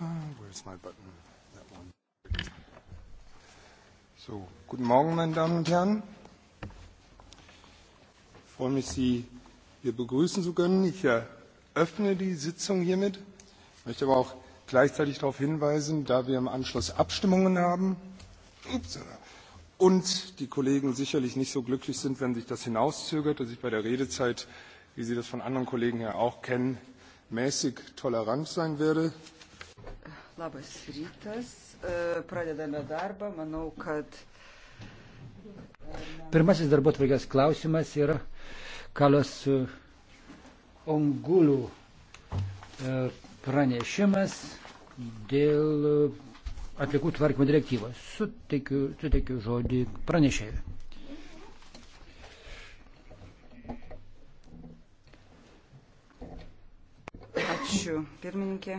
Uh, where's my button? That one. So, guten Morgen, meine Damen und Herren. Ich freue mich, Sie hier begrüßen zu können. Ich eröffne äh, die Sitzung hiermit. Ich möchte aber auch gleichzeitig darauf hinweisen, da wir im Anschluss Abstimmungen haben ups, und die Kollegen sicherlich nicht so glücklich sind, wenn sich das hinauszögert, dass ich bei der Redezeit, wie Sie das von anderen Kollegen ja auch kennen, mäßig tolerant sein werde. Labas rytas, e, pradedame darbą. Manau, kad. E, Pirmasis darbo tvarkės klausimas yra Kalos Ongulų e, pranešimas dėl atlikų tvarkymo direktyvos. Suteikiu, suteikiu žodį pranešėjui. Ačiū, pirmininkė.